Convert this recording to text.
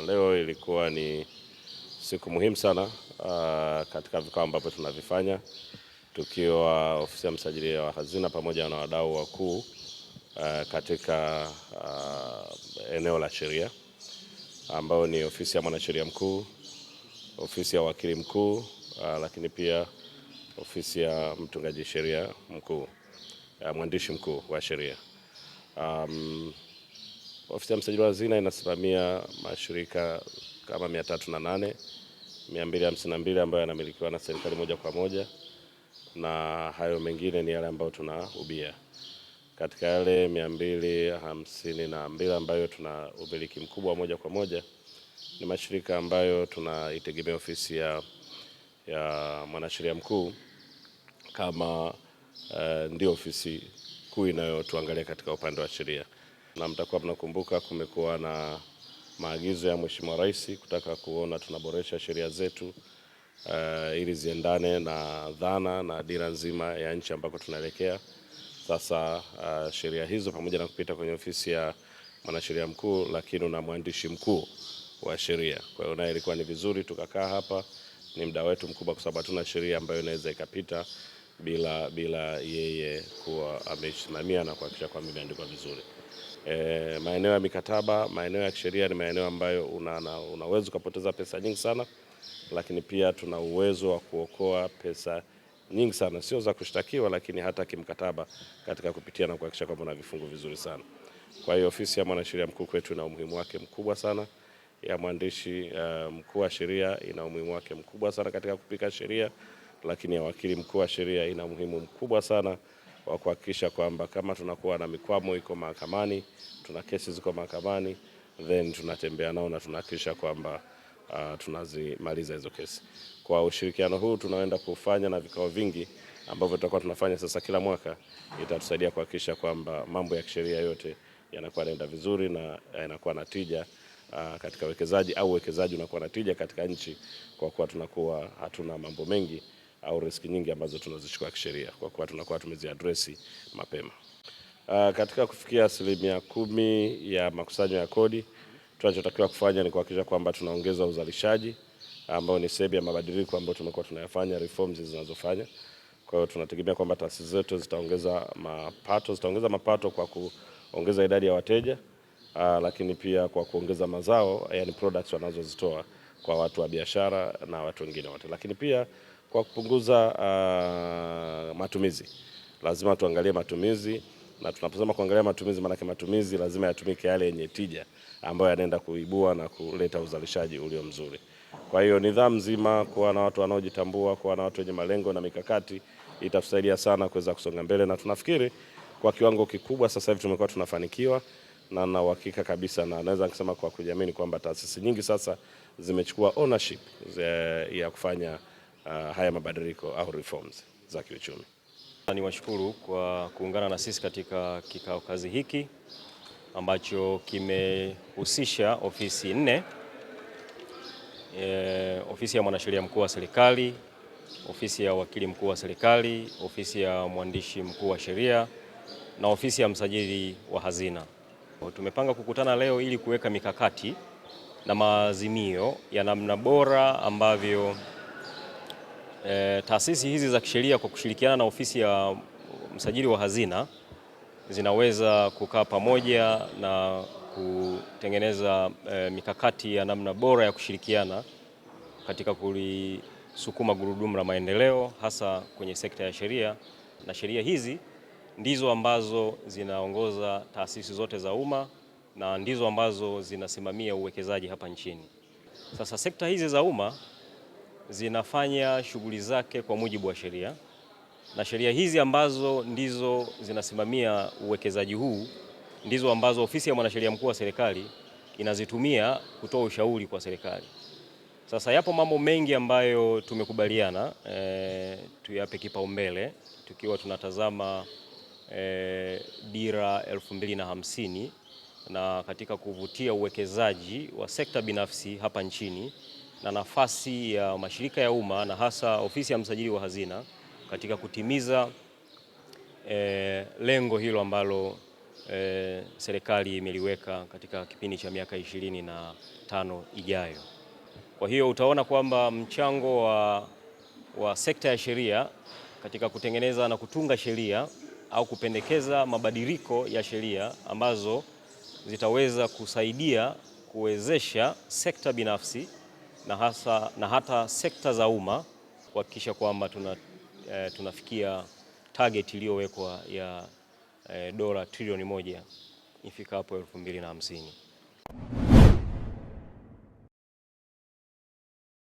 leo ilikuwa ni siku muhimu sana uh, katika vikao ambavyo tunavifanya tukiwa ofisi ya msajili wa hazina pamoja na wadau wakuu uh, katika uh, eneo la sheria ambayo ni ofisi ya mwanasheria mkuu, ofisi ya wakili mkuu uh, lakini pia ofisi ya mtungaji sheria mkuu, uh, mwandishi mkuu wa sheria um, Ofisi ya msajili wa hazina inasimamia mashirika kama 308 mbili ambayo yanamilikiwa na serikali moja kwa moja na hayo mengine ni yale ambayo tunahubia. Katika yale mbili ambayo tuna umiliki mkubwa wa moja kwa moja ni mashirika ambayo tunaitegemea ofisi ya, ya mwanasheria mkuu kama uh, ndio ofisi kuu inayotuangalia katika upande wa sheria na mtakuwa mnakumbuka kumekuwa na maagizo ya Mheshimiwa Rais kutaka kuona tunaboresha sheria zetu uh, ili ziendane na dhana na dira nzima ya nchi ambako tunaelekea sasa. Uh, sheria hizo pamoja na kupita kwenye ofisi ya mwanasheria mkuu, lakini una mwandishi mkuu wa sheria. Kwa hiyo naye ilikuwa ni vizuri tukakaa hapa, ni muda wetu mkubwa, kwa sababu hatuna sheria ambayo inaweza ikapita bila, bila yeye kuwa ameisimamia na kuhakikisha kwamba imeandikwa vizuri. E, maeneo ya mikataba, maeneo ya kisheria ni maeneo ambayo una, unaweza ukapoteza pesa nyingi sana, lakini pia tuna uwezo wa kuokoa pesa nyingi sana, sio za kushtakiwa, lakini hata kimkataba, katika kupitia na kuhakikisha kwamba una vifungu vizuri sana. Kwa hiyo ofisi ya mwanasheria mkuu kwetu ina umuhimu wake mkubwa sana, ya mwandishi uh, mkuu wa sheria ina umuhimu wake mkubwa sana katika kupika sheria, lakini ya wakili mkuu wa sheria ina umuhimu mkubwa sana wa kuhakikisha kwamba kama tunakuwa na mikwamo iko mahakamani, tuna kesi ziko mahakamani, then tunatembea nao na tunahakikisha kwamba uh, tunazimaliza hizo kesi. Kwa ushirikiano huu tunaenda kufanya na vikao vingi ambavyo tutakuwa tunafanya sasa kila mwaka, itatusaidia kuhakikisha kwamba mambo ya kisheria yote yanakuwa yanaenda vizuri na eh, yanakuwa na tija uh, katika wekezaji au uwekezaji unakuwa na tija katika nchi, kwa kuwa tunakuwa hatuna mambo mengi au riski nyingi ambazo tunazichukua kisheria kwa kuwa tunakuwa tumeziadresi mapema. Uh, katika kufikia asilimia kumi ya makusanyo ya kodi, tunachotakiwa kufanya ni kuhakikisha kwamba tunaongeza uzalishaji ambao ni sehemu ya mabadiliko ambayo tumekuwa tunayafanya, reforms zinazofanya. Kwa hiyo tunategemea kwamba taasisi zetu zitaongeza mapato, zitaongeza mapato kwa kuongeza idadi ya wateja uh, lakini pia kwa kuongeza mazao, yani products wanazozitoa kwa watu wa biashara na watu wengine wote, lakini pia kwa kupunguza uh, matumizi. Lazima tuangalie matumizi, na tunaposema kuangalia matumizi, maanake matumizi lazima yatumike yale yenye tija ambayo yanaenda kuibua na kuleta uzalishaji ulio mzuri. Kwa hiyo nidhamu nzima, kuwa na watu wanaojitambua, kuwa na watu wenye malengo na mikakati itatusaidia sana kuweza kusonga mbele, na tunafikiri kwa kiwango kikubwa sasa hivi tumekuwa tunafanikiwa na na uhakika kabisa, na naweza kusema kwa kujiamini kwamba taasisi nyingi sasa zimechukua ownership eh, ya kufanya uh, haya mabadiliko au reforms za kiuchumi. Niwashukuru kwa kuungana na sisi katika kikao kazi hiki ambacho kimehusisha ofisi nne e, ofisi ya mwanasheria mkuu wa serikali, ofisi ya wakili mkuu wa serikali, ofisi ya mwandishi mkuu wa sheria na ofisi ya msajili wa hazina. Tumepanga kukutana leo ili kuweka mikakati na maazimio ya namna bora ambavyo E, taasisi hizi za kisheria kwa kushirikiana na ofisi ya msajili wa hazina zinaweza kukaa pamoja na kutengeneza e, mikakati ya namna bora ya kushirikiana katika kulisukuma gurudumu la maendeleo hasa kwenye sekta ya sheria, na sheria hizi ndizo ambazo zinaongoza taasisi zote za umma na ndizo ambazo zinasimamia uwekezaji hapa nchini. Sasa sekta hizi za umma zinafanya shughuli zake kwa mujibu wa sheria, na sheria hizi ambazo ndizo zinasimamia uwekezaji huu ndizo ambazo ofisi ya mwanasheria mkuu wa serikali inazitumia kutoa ushauri kwa serikali. Sasa yapo mambo mengi ambayo tumekubaliana e, tuyape kipaumbele tukiwa tunatazama e, dira 2050 na katika kuvutia uwekezaji wa sekta binafsi hapa nchini na nafasi ya mashirika ya umma na hasa ofisi ya msajili wa hazina katika kutimiza e, lengo hilo ambalo e, serikali imeliweka katika kipindi cha miaka ishirini na tano ijayo. Kwa hiyo utaona kwamba mchango wa, wa sekta ya sheria katika kutengeneza na kutunga sheria au kupendekeza mabadiliko ya sheria ambazo zitaweza kusaidia kuwezesha sekta binafsi na, hasa, na hata sekta za umma kuhakikisha kwamba tuna, e, tunafikia target iliyowekwa ya e, dola trilioni moja ifikapo elfu mbili na hamsini.